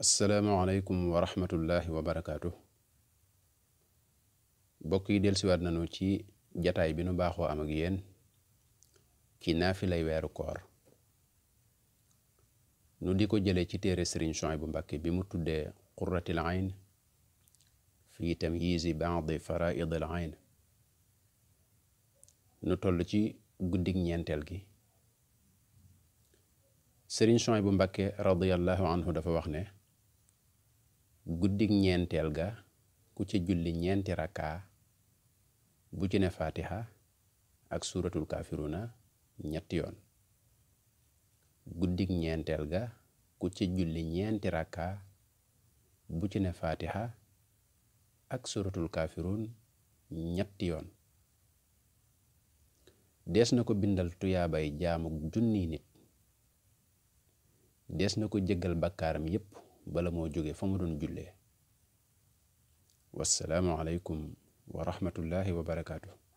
asalaamaaleykum wa rahmatullahi wa barakaatu bokk yi dellusiwaat nañu ci jataay bi nu baaxoo am ak yéen ci naafilay weeru koor nu di ko jëlee ci téere Sëriñ bu Mbàkke bi mu tuddee qurratil ayn fii tamyiizi ba'di faraa'idil ayn nu toll ci guddig ñeenteel gi Sëriñ Suhaybu Mbàkke radiyallahu anhu dafa wax ne guddig ñeenteel ga ku ci julli ñeenti rakkaa bu ci ne fatiha ak suuratul kafiruna ñetti yoon guddig ñeenteel ga ku ci julli ñeenti rakka bu ci ne fatiha ak suuratul kafirun ñetti yoon dees na ko bindal tuyaabay jaamu junni nit dees na ko jéggal bakkaaram yépp بلا مو جوغي فما دون والسلام عليكم ورحمه الله وبركاته